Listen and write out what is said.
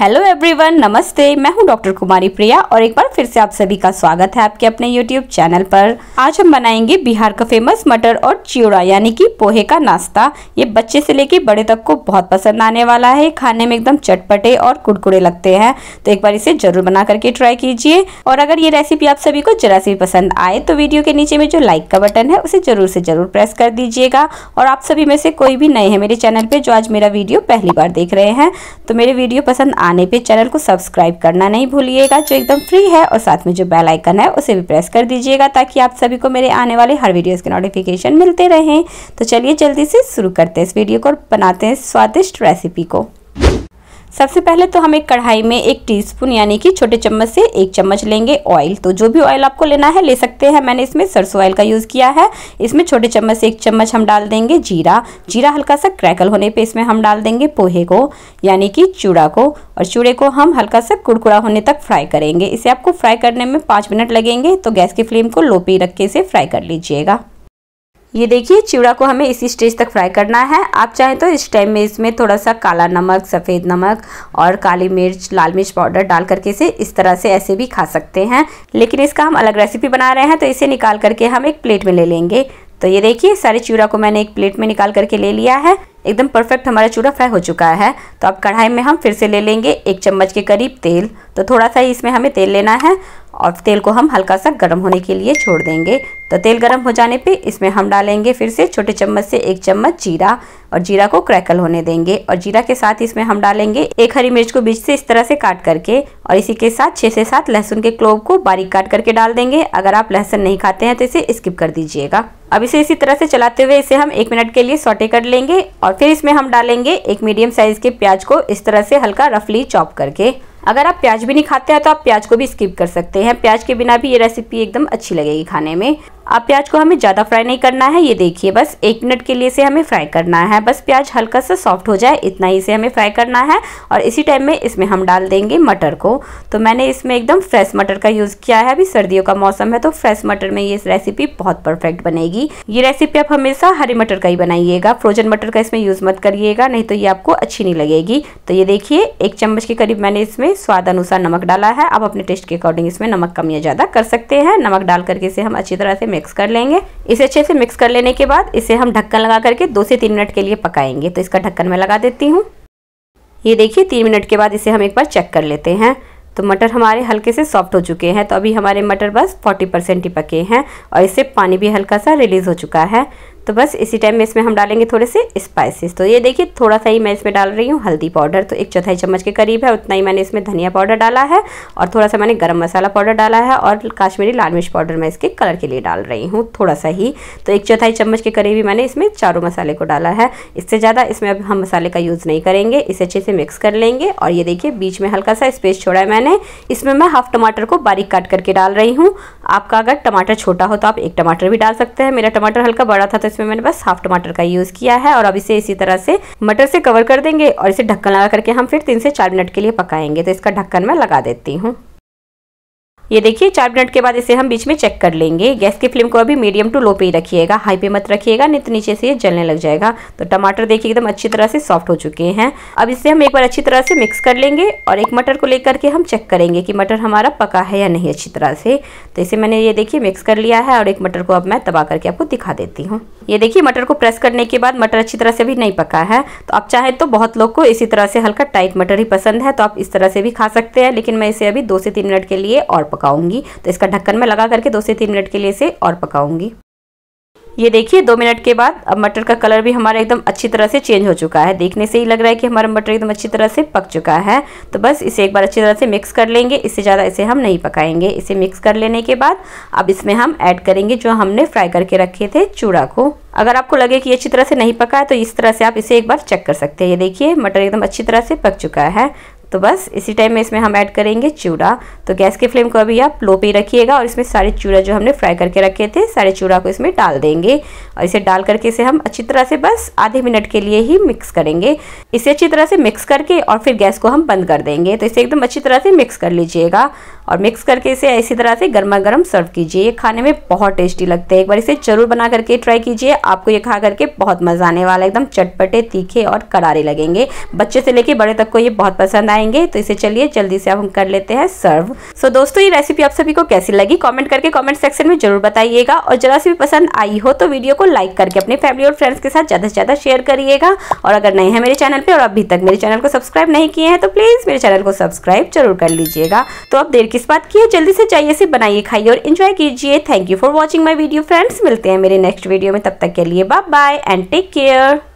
hello everyone नमस्ते मैं हूं डॉक्टर कुमारी प्रिया और एक बार फिर से आप सभी का स्वागत है आपके अपने यूट्यूब चैनल पर आज हम बनाएंगे बिहार का फेमस मटर और चिड़ा यानी कि पोहे का नाश्ता ये बच्चे से लेके बड़े तक को बहुत पसंद आने वाला है खाने में एकदम चटपटे और कुड़कुड़े लगते हैं तो एक बार इसे जरूर बना करके ट्राई कीजिए और अगर ये रेसिपी आप सभी को जरा सी पसंद आए तो वीडियो के नीचे में जो लाइक का बटन है उसे जरूर से जरूर प्रेस कर दीजिएगा और आप सभी में से कोई भी नए हैं मेरे चैनल पर जो आज मेरा वीडियो पहली बार देख रहे हैं तो मेरे वीडियो पसंद आ आने पे चैनल को सब्सक्राइब करना नहीं भूलिएगा जो एकदम फ्री है और साथ में जो बेल आइकन है उसे भी प्रेस कर दीजिएगा ताकि आप सभी को मेरे आने वाले हर वीडियोस के नोटिफिकेशन मिलते रहें तो चलिए जल्दी से शुरू करते हैं इस वीडियो को और बनाते हैं स्वादिष्ट रेसिपी को सबसे पहले तो हम एक कढ़ाई में एक टीस्पून यानी कि छोटे चम्मच से एक चम्मच लेंगे ऑयल तो जो भी ऑयल आपको लेना है ले सकते हैं मैंने इसमें सरसों ऑयल का यूज़ किया है इसमें छोटे चम्मच से एक चम्मच हम डाल देंगे जीरा जीरा हल्का सा क्रैकल होने पर इसमें हम डाल देंगे पोहे को यानी कि चूड़ा को और चूड़े को हम हल्का सा कुड़कुड़ा होने तक फ्राई करेंगे इसे आपको फ्राई करने में पाँच मिनट लगेंगे तो गैस की फ्लेम को लो पे रख के इसे फ्राई कर लीजिएगा ये देखिए चिवड़ा को हमें इसी स्टेज तक फ्राई करना है आप चाहें तो इस टाइम में इसमें थोड़ा सा काला नमक सफ़ेद नमक और काली मिर्च लाल मिर्च पाउडर डाल करके इसे इस तरह से ऐसे भी खा सकते हैं लेकिन इसका हम अलग रेसिपी बना रहे हैं तो इसे निकाल करके हम एक प्लेट में ले लेंगे तो ये देखिए सारे चूड़ा को मैंने एक प्लेट में निकाल करके ले लिया है एकदम परफेक्ट हमारा चूड़ा फ्राई हो चुका है तो अब कढ़ाई में हम फिर से ले लेंगे एक चम्मच के करीब तेल तो थोड़ा सा ही इसमें हमें तेल लेना है और तेल को हम हल्का सा गर्म होने के लिए छोड़ देंगे तो तेल गर्म हो जाने पे इसमें हम डालेंगे फिर से छोटे चम्मच से एक चम्मच जीरा और जीरा को क्रैकल होने देंगे और जीरा के साथ इसमें हम डालेंगे एक हरी मिर्च को बीच से इस तरह से काट करके और इसी के साथ छः से सात लहसुन के क्लोव को बारीक काट करके डाल देंगे अगर आप लहसुन नहीं खाते हैं तो इसे स्किप कर दीजिएगा अब इसे इसी तरह से चलाते हुए इसे हम एक मिनट के लिए सोटे कर लेंगे और फिर इसमें हम डालेंगे एक मीडियम साइज़ के प्याज को इस तरह से हल्का रफली चॉप करके अगर आप प्याज भी नहीं खाते हैं तो आप प्याज को भी स्किप कर सकते हैं प्याज के बिना भी ये रेसिपी एकदम अच्छी लगेगी खाने में अब प्याज को हमें ज़्यादा फ्राई नहीं करना है ये देखिए बस एक मिनट के लिए से हमें फ्राई करना है बस प्याज हल्का सा सॉफ्ट हो जाए इतना ही से हमें फ्राई करना है और इसी टाइम में इसमें हम डाल देंगे मटर को तो मैंने इसमें एकदम फ्रेश मटर का यूज़ किया है अभी सर्दियों का मौसम है तो फ्रेश मटर में ये रेसिपी बहुत परफेक्ट बनेगी ये रेसिपी आप हमेशा हरी मटर का ही बनाइएगा फ्रोजन मटर का इसमें यूज़ मत करिएगा नहीं तो ये आपको अच्छी नहीं लगेगी तो ये देखिए एक चम्मच के करीब मैंने इसमें स्वाद अनुसार नमक डाला है आप अपने टेस्ट के अकॉर्डिंग इसमें नमक कम या ज़्यादा कर सकते हैं नमक डाल करके इसे हम अच्छी तरह से मिक्स कर लेंगे इसे अच्छे से मिक्स कर लेने के बाद इसे हम ढक्कन लगा करके दो से तीन मिनट के लिए पकाएंगे तो इसका ढक्कन मैं लगा देती हूँ ये देखिए तीन मिनट के बाद इसे हम एक बार चेक कर लेते हैं तो मटर हमारे हल्के से सॉफ्ट हो चुके हैं तो अभी हमारे मटर बस 40 परसेंट ही पके हैं और इससे पानी भी हल्का सा रिलीज़ हो चुका है तो बस इसी टाइम में इसमें हम डालेंगे थोड़े से स्पाइसेस तो ये देखिए थोड़ा सा ही मैं इसमें डाल रही हूँ हल्दी पाउडर तो एक चौथाई चम्मच के करीब है उतना ही मैंने इसमें धनिया पाउडर डाला है और थोड़ा सा मैंने गर्म मसाला पाउडर डाला है और काश्मीरी लाल मिर्च पाउडर मैं इसके कलर के लिए डाल रही हूँ थोड़ा सा ही तो एक चौथाई चम्मच के करीब ही मैंने इसमें चारों मसाले को डाला है इससे ज़्यादा इसमें अब हम मसाले का यूज़ नहीं करेंगे इसे अच्छे से मिक्स कर लेंगे और ये देखिए बीच में हल्का सा स्पेस छोड़ा है मैंने इसमें मैं हाफ टमाटर को बारीक काट करके डाल रही हूँ आपका अगर टमाटर छोटा हो तो आप एक टमाटर भी डाल सकते हैं मेरा टमाटर हल्का बड़ा था तो इसमें मैंने बस हाफ टमाटर का यूज़ किया है और अब इसे इसी तरह से मटर से कवर कर देंगे और इसे ढक्कन लगा करके हम फिर तीन से चार मिनट के लिए पकाएंगे तो इसका ढक्कन मैं लगा देती हूँ ये देखिए चार मिनट के बाद इसे हम बीच में चेक कर लेंगे गैस की फ्लेम को अभी मीडियम टू लो पे ही रखिएगा हाई पे मत रखिएगा नहीं तो नीचे से ये जलने लग जाएगा तो टमाटर देखिए एकदम अच्छी तरह से सॉफ्ट हो चुके हैं अब इसे हम एक बार अच्छी तरह से मिक्स कर लेंगे और एक मटर को लेकर के हम चेक करेंगे कि मटर हमारा पका है या नहीं अच्छी तरह से तो इसे मैंने ये देखिए मिक्स कर लिया है और एक मटर को अब मैं दबा करके आपको दिखा देती हूँ ये देखिए मटर को प्रेस करने के बाद मटर अच्छी तरह से भी नहीं पका है तो आप चाहे तो बहुत लोग को इसी तरह से हल्का टाइट मटर ही पसंद है तो आप इस तरह से भी खा सकते हैं लेकिन मैं इसे अभी दो से तीन मिनट के लिए और पका पकाऊंगी तो इसका ढक्कन में लगा करके दो से तीन मिनट के लिए इसे और पकाऊंगी ये देखिए दो मिनट के बाद अब मटर का कलर भी हमारा एकदम अच्छी तरह से चेंज हो चुका है देखने से ही लग रहा है कि हमारा मटर एकदम अच्छी तरह से पक चुका है तो बस इसे एक बार अच्छी तरह से मिक्स कर लेंगे इससे ज़्यादा इसे हम नहीं पकाएंगे इसे मिक्स कर लेने के बाद अब इसमें हम ऐड करेंगे जो हमने फ्राई करके रखे थे चूड़ा को अगर आपको लगे कि अच्छी तरह से नहीं पका है तो इस तरह से आप इसे एक बार चेक कर सकते हैं ये देखिए मटर एकदम अच्छी तरह से पक चुका है तो बस इसी टाइम में इसमें हम ऐड करेंगे चूड़ा तो गैस की फ्लेम को अभी आप लो पे रखिएगा और इसमें सारे चूड़ा जो हमने फ्राई करके रखे थे सारे चूड़ा को इसमें डाल देंगे और इसे डाल करके इसे हम अच्छी तरह से बस आधे मिनट के लिए ही मिक्स करेंगे इसे अच्छी तरह से मिक्स करके और फिर गैस को हम बंद कर देंगे तो इसे एकदम अच्छी तरह से मिक्स कर लीजिएगा और मिक्स करके इसे इसी तरह से गर्मा गर्म सर्व कीजिए ये खाने में बहुत टेस्टी लगते हैं एक बार इसे जरूर बना करके ट्राई कीजिए आपको ये खा करके बहुत मज़ा आने वाला एकदम चटपटे तीखे और करारे लगेंगे बच्चे से लेके बड़े तक को ये बहुत पसंद आएंगे तो इसे चलिए जल्दी से अब हम कर लेते हैं सर्व सो दोस्तों ये रेसिपी आप सभी को कैसी लगी कॉमेंट करके कॉमेंट सेक्शन में जरूर बताइएगा और जरा सी भी पसंद आई हो तो वीडियो को लाइक करके अपने फैमिली और फ्रेंड्स के साथ ज़्यादा से ज़्यादा शेयर करिएगा और अगर नए हैं मेरे चैनल पर और अभी तक मेरे चैनल को सब्सक्राइब नहीं किए हैं तो प्लीज़ मेरे चैनल को सब्सक्राइब जरूर कर लीजिएगा तो अब देर की इस बात की है जल्दी से चाहिए से बनाइए खाइए और इन्जॉय कीजिए thank you for watching my video friends मिलते हैं मेरे नेक्स्ट वीडियो में तब तक के लिए bye bye and take care